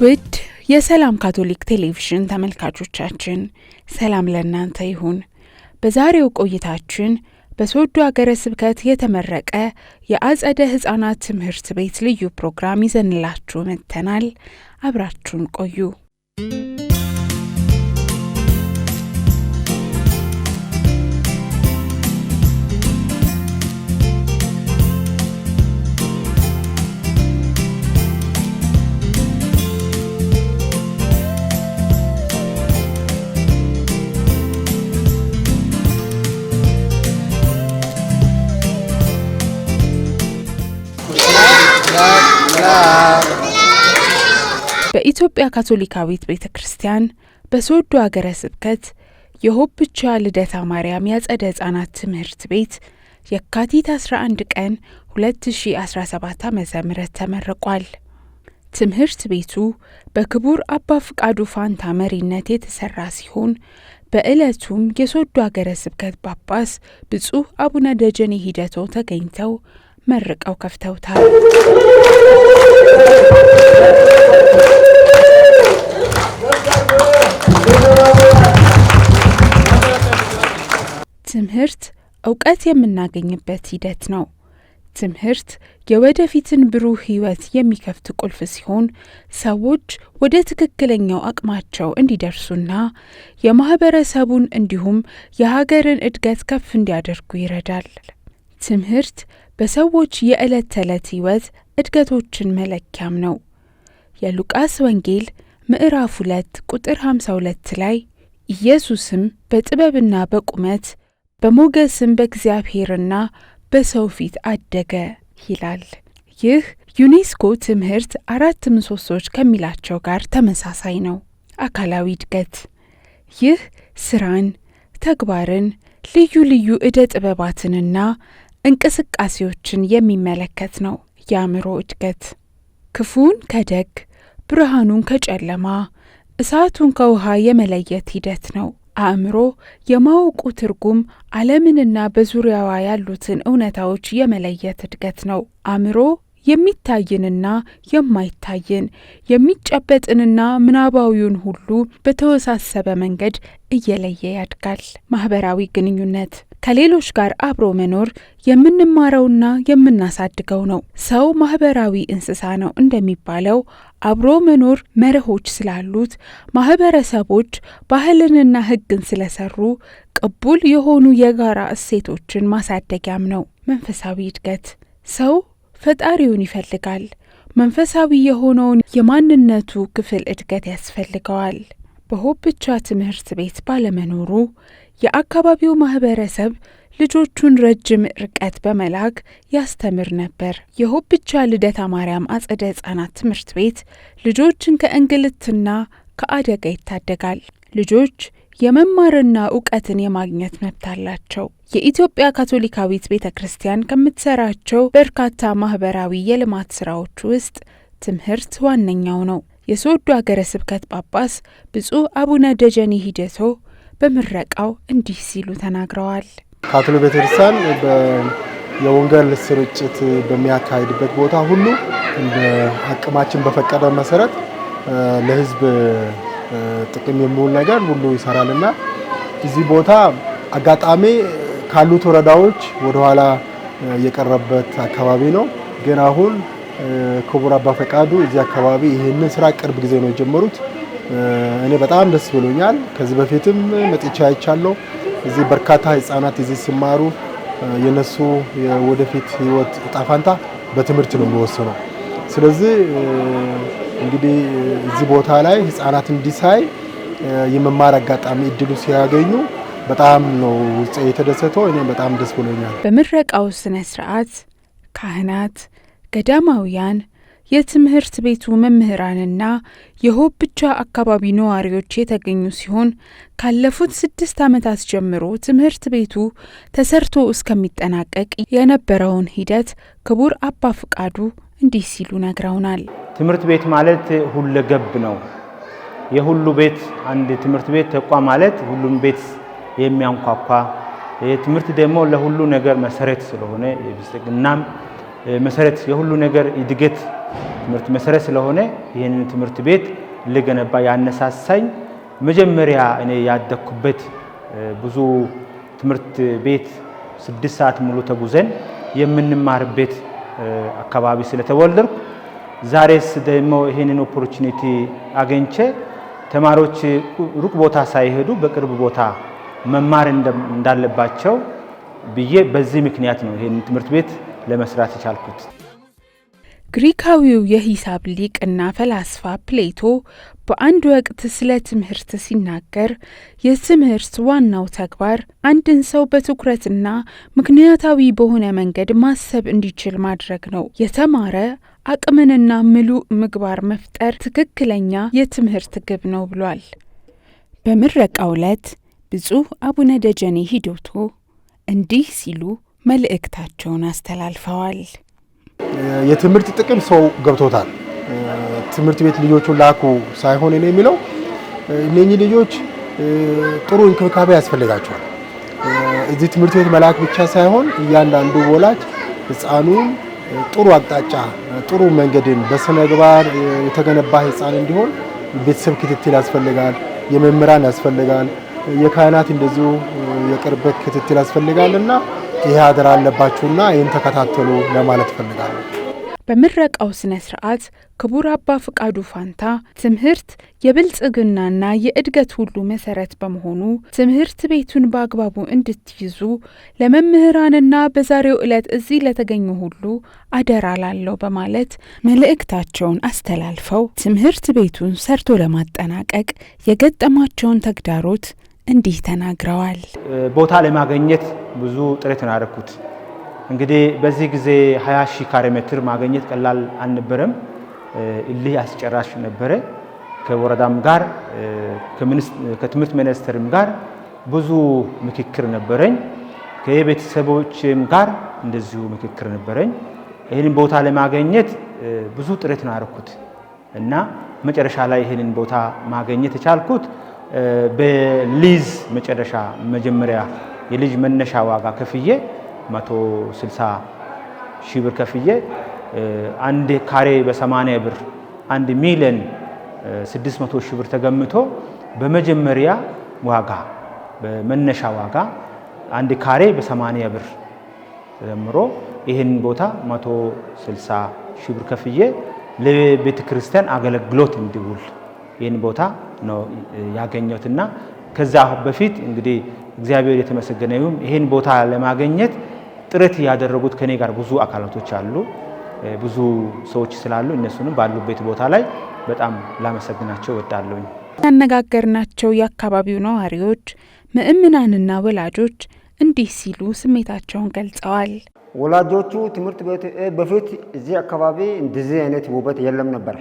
ውድ የሰላም ካቶሊክ ቴሌቪዥን ተመልካቾቻችን ሰላም ለእናንተ ይሁን። በዛሬው ቆይታችን በሶዶ አገረ ስብከት የተመረቀ የአጸደ ሕፃናት ትምህርት ቤት ልዩ ፕሮግራም ይዘንላችሁ መጥተናል። አብራችሁን ቆዩ። በኢትዮጵያ ካቶሊካዊት ቤተ ክርስቲያን በሶዶ ሀገረ ስብከት የሆብቻ ልደታ ማርያም ያጸደ ሕጻናት ትምህርት ቤት የካቲት 11 ቀን 2017 ዓ ም ተመርቋል። ትምህርት ቤቱ በክቡር አባ ፍቃዱ ፋንታ መሪነት የተሰራ ሲሆን በዕለቱም የሶዶ ሀገረ ስብከት ጳጳስ ብፁዕ አቡነ ደጀኔ ሂደቶ ተገኝተው መርቀው ከፍተውታል። ትምህርት እውቀት የምናገኝበት ሂደት ነው። ትምህርት የወደፊትን ብሩህ ህይወት የሚከፍት ቁልፍ ሲሆን ሰዎች ወደ ትክክለኛው አቅማቸው እንዲደርሱና የማህበረሰቡን እንዲሁም የሀገርን እድገት ከፍ እንዲያደርጉ ይረዳል። ትምህርት በሰዎች የዕለት ተዕለት ሕይወት እድገቶችን መለኪያም ነው። የሉቃስ ወንጌል ምዕራፍ 2 ቁጥር 52 ላይ ኢየሱስም በጥበብና በቁመት በሞገስም በእግዚአብሔርና በሰው ፊት አደገ ይላል። ይህ ዩኔስኮ ትምህርት አራት ምሰሶዎች ከሚላቸው ጋር ተመሳሳይ ነው። አካላዊ እድገት ይህ ስራን፣ ተግባርን፣ ልዩ ልዩ ዕደ ጥበባትንና እንቅስቃሴዎችን የሚመለከት ነው። የአእምሮ እድገት ክፉን ከደግ ብርሃኑን ከጨለማ እሳቱን ከውሃ የመለየት ሂደት ነው። አእምሮ የማወቁ ትርጉም ዓለምንና በዙሪያዋ ያሉትን እውነታዎች የመለየት እድገት ነው። አእምሮ የሚታይንና የማይታይን የሚጨበጥንና ምናባዊውን ሁሉ በተወሳሰበ መንገድ እየለየ ያድጋል። ማህበራዊ ግንኙነት ከሌሎች ጋር አብሮ መኖር የምንማረውና የምናሳድገው ነው። ሰው ማህበራዊ እንስሳ ነው እንደሚባለው አብሮ መኖር መርሆች ስላሉት ማህበረሰቦች ባህልንና ሕግን ስለሰሩ ቅቡል የሆኑ የጋራ እሴቶችን ማሳደጊያም ነው። መንፈሳዊ እድገት ሰው ፈጣሪውን ይፈልጋል። መንፈሳዊ የሆነውን የማንነቱ ክፍል እድገት ያስፈልገዋል። በሆብቻ ትምህርት ቤት ባለመኖሩ የአካባቢው ማህበረሰብ ልጆቹን ረጅም ርቀት በመላክ ያስተምር ነበር። የሆብቻ ልደታ ማርያም አጸደ ሕፃናት ትምህርት ቤት ልጆችን ከእንግልትና ከአደጋ ይታደጋል። ልጆች የመማርና እውቀትን የማግኘት መብት አላቸው። የኢትዮጵያ ካቶሊካዊት ቤተ ክርስቲያን ከምትሰራቸው በርካታ ማህበራዊ የልማት ስራዎች ውስጥ ትምህርት ዋነኛው ነው። የሶዶ ሀገረ ስብከት ጳጳስ ብፁዕ አቡነ ደጀኔ ሂደቶ በምረቃው እንዲህ ሲሉ ተናግረዋል። ካቶሊክ ቤተ ክርስቲያን የወንጌል ስርጭት በሚያካሂድበት ቦታ ሁሉ አቅማችን በፈቀደ መሰረት ለህዝብ ጥቅም የሚውል ነገር ሁሉ ይሰራል እና እዚህ ቦታ አጋጣሚ ካሉት ወረዳዎች ወደኋላ የቀረበት አካባቢ ነው። ግን አሁን ክቡር አባ ፈቃዱ እዚህ አካባቢ ይህንን ስራ ቅርብ ጊዜ ነው የጀመሩት። እኔ በጣም ደስ ብሎኛል። ከዚህ በፊትም መጥቼ አይቻለሁ። እዚህ በርካታ ህጻናት እዚህ ሲማሩ የነሱ የወደፊት ህይወት እጣ በትምህርት ነው የሚወስነው። ስለዚህ እንግዲህ እዚህ ቦታ ላይ ህጻናት እንዲሳይ የመማር አጋጣሚ እድሉ ሲያገኙ በጣም ነው ውስጤ የተደሰተው። እኔም በጣም ደስ ብሎኛል። በምረቃው ስነ ስርዓት ካህናት፣ ገዳማውያን፣ የትምህርት ቤቱ መምህራንና ብቻ አካባቢ ነዋሪዎች የተገኙ ሲሆን ካለፉት ስድስት ዓመታት ጀምሮ ትምህርት ቤቱ ተሰርቶ እስከሚጠናቀቅ የነበረውን ሂደት ክቡር አባ ፍቃዱ እንዲህ ሲሉ ነግረውናል። ትምህርት ቤት ማለት ሁለገብ ነው። የሁሉ ቤት አንድ ትምህርት ቤት ተቋም ማለት ሁሉም ቤት የሚያንኳኳ ትምህርት ደግሞ ለሁሉ ነገር መሰረት ስለሆነ የብልጽግናም መሰረት የሁሉ ነገር እድገት ትምህርት መሰረት ስለሆነ ይህንን ትምህርት ቤት ልገነባ ያነሳሳኝ መጀመሪያ እኔ ያደግኩበት ብዙ ትምህርት ቤት ስድስት ሰዓት ሙሉ ተጉዘን የምንማርበት አካባቢ ስለተወለድኩ ዛሬስ ደግሞ ይህንን ኦፖርቹኒቲ አገኝቼ ተማሪዎች ሩቅ ቦታ ሳይሄዱ በቅርብ ቦታ መማር እንዳለባቸው ብዬ በዚህ ምክንያት ነው ይህን ትምህርት ቤት ለመስራት የቻልኩት። ግሪካዊው የሂሳብ ሊቅና ፈላስፋ ፕሌቶ በአንድ ወቅት ስለ ትምህርት ሲናገር የትምህርት ዋናው ተግባር አንድን ሰው በትኩረትና ምክንያታዊ በሆነ መንገድ ማሰብ እንዲችል ማድረግ ነው። የተማረ አቅምንና ምሉ ምግባር መፍጠር ትክክለኛ የትምህርት ግብ ነው ብሏል። በምረቃ ዕለት ብፁዕ አቡነ ደጀኔ ሂዶቶ እንዲህ ሲሉ መልእክታቸውን አስተላልፈዋል። የትምህርት ጥቅም ሰው ገብቶታል። ትምህርት ቤት ልጆቹን ላኩ ሳይሆን እኔ የሚለው እነኚህ ልጆች ጥሩ እንክብካቤ ያስፈልጋቸዋል። እዚህ ትምህርት ቤት መላክ ብቻ ሳይሆን እያንዳንዱ ወላጅ ህፃኑን። ጥሩ አቅጣጫ ጥሩ መንገድን በስነምግባር የተገነባ ህፃን እንዲሆን ቤተሰብ ክትትል ያስፈልጋል፣ የመምህራን ያስፈልጋል፣ የካህናት እንደዚሁ የቅርበት ክትትል ያስፈልጋል እና ይህ አደራ አለባችሁና ይህን ተከታተሉ ለማለት ፈልጋለ። በምረቃው ስነ ስርዓት ክቡር አባ ፍቃዱ ፋንታ ትምህርት የብልጽግናና የእድገት ሁሉ መሰረት በመሆኑ ትምህርት ቤቱን በአግባቡ እንድትይዙ ለመምህራንና በዛሬው ዕለት እዚህ ለተገኙ ሁሉ አደራ ላለው በማለት መልእክታቸውን አስተላልፈው ትምህርት ቤቱን ሰርቶ ለማጠናቀቅ የገጠማቸውን ተግዳሮት እንዲህ ተናግረዋል። ቦታ ለማግኘት ብዙ ጥረት ነው ያደረኩት። እንግዲህ በዚህ ጊዜ 20 ሺህ ካሬ ሜትር ማግኘት ቀላል አልነበረም። እልህ አስጨራሽ ነበረ። ከወረዳም ጋር ከትምህርት ሚኒስቴርም ጋር ብዙ ምክክር ነበረኝ። ከቤተሰቦችም ጋር እንደዚሁ ምክክር ነበረኝ። ይህንን ቦታ ለማግኘት ብዙ ጥረት ነው ያደረኩት እና መጨረሻ ላይ ይህንን ቦታ ማግኘት የቻልኩት በሊዝ መጨረሻ መጀመሪያ የልጅ መነሻ ዋጋ ከፍዬ 160 ሺህ ብር ከፍዬ አንድ ካሬ በ80 ብር አንድ ሚሊዮን 600 ሺህ ብር ተገምቶ በመጀመሪያ ዋጋ በመነሻ ዋጋ አንድ ካሬ በ80 ብር ተደምሮ ይህን ቦታ 160 ሺህ ብር ከፍዬ ለቤተ ክርስቲያን አገልግሎት እንዲውል ይህን ቦታ ነው ያገኘሁትና ከዛ በፊት እንግዲህ እግዚአብሔር የተመሰገነ ይሁን ይህን ቦታ ለማግኘት ጥረት ያደረጉት ከኔ ጋር ብዙ አካላቶች አሉ፣ ብዙ ሰዎች ስላሉ እነሱንም ባሉበት ቦታ ላይ በጣም ላመሰግናቸው እወዳለሁ። ያነጋገርናቸው የአካባቢው ነዋሪዎች፣ ምእምናንና ወላጆች እንዲህ ሲሉ ስሜታቸውን ገልጸዋል። ወላጆቹ ትምህርት ቤት በፊት እዚህ አካባቢ እንደዚህ አይነት ውበት የለም ነበረ።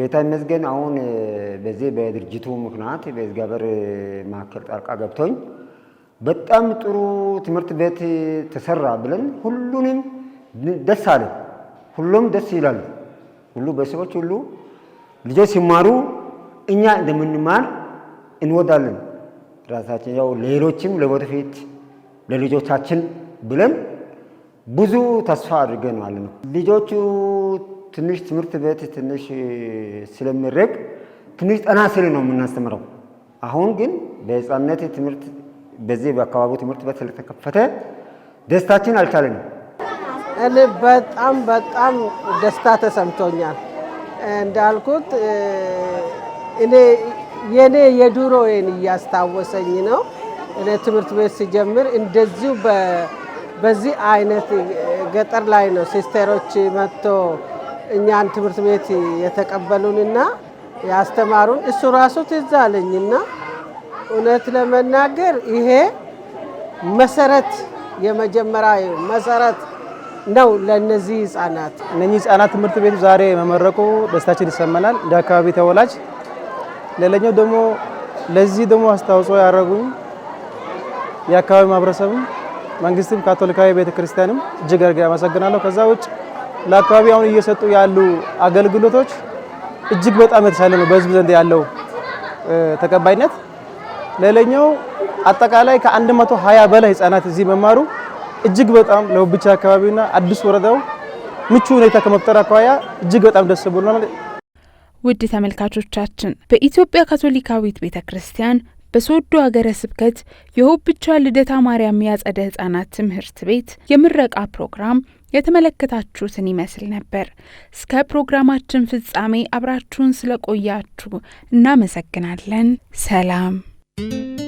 ጌታ ይመስገን አሁን በዚህ በድርጅቱ ምክንያት በእግዚአብሔር መካከል ጣልቃ ገብቶኝ በጣም ጥሩ ትምህርት ቤት ተሰራ ብለን ሁሉንም ደስ አለ። ሁሉም ደስ ይላሉ። ሁሉ በሰዎች ሁሉ ልጆች ሲማሩ እኛ እንደምንማር እንወዳለን። ራሳችን ያው ሌሎችም ለወደፊት ለልጆቻችን ብለን ብዙ ተስፋ አድርገን ማለት ነው። ልጆቹ ትንሽ ትምህርት ቤት ትንሽ ስለሚረቅ ትንሽ ጠና ስል ነው የምናስተምረው። አሁን ግን በህፃነት ትምህርት በዚህ በአካባቢው ትምህርት ቤት ስለተከፈተ ደስታችን አልቻለንም። እኔ በጣም በጣም ደስታ ተሰምቶኛል። እንዳልኩት እኔ የኔ የድሮዬን እያስታወሰኝ ነው። እኔ ትምህርት ቤት ሲጀምር እንደዚሁ በዚህ አይነት ገጠር ላይ ነው ሲስተሮች መጥቶ እኛን ትምህርት ቤት የተቀበሉንና ያስተማሩን። እሱ ራሱ ትዝ አለኝና እውነት ለመናገር ይሄ መሰረት የመጀመሪያ መሰረት ነው ለእነዚህ ህጻናት። እነኚህ ህጻናት ትምህርት ቤቱ ዛሬ መመረቁ ደስታችን ይሰማናል እንደ አካባቢ ተወላጅ። ሌላኛው ደግሞ ለዚህ ደግሞ አስተዋጽኦ ያደረጉ የአካባቢ ማህበረሰብም፣ መንግስትም፣ ካቶሊካዊ ቤተክርስቲያንም እጅግ አድርጌ አመሰግናለሁ። ከዛ ውጭ ለአካባቢ አሁን እየሰጡ ያሉ አገልግሎቶች እጅግ በጣም የተሻለ ነው። በህዝብ ዘንድ ያለው ተቀባይነት ሌላኛው አጠቃላይ ከ120 በላይ ህጻናት እዚህ መማሩ እጅግ በጣም ለውብቻ አካባቢና አዲስ ወረዳው ምቹ ሁኔታ ከመፍጠር አኳያ እጅግ በጣም ደስ ብሎናል። ውድ ተመልካቾቻችን በኢትዮጵያ ካቶሊካዊት ቤተ ክርስቲያን በሶዶ ሀገረ ስብከት የሆብቻ ልደታ ማርያም ያጸደ ህጻናት ትምህርት ቤት የምረቃ ፕሮግራም የተመለከታችሁትን ይመስል ነበር። እስከ ፕሮግራማችን ፍጻሜ አብራችሁን ስለቆያችሁ እናመሰግናለን። ሰላም Música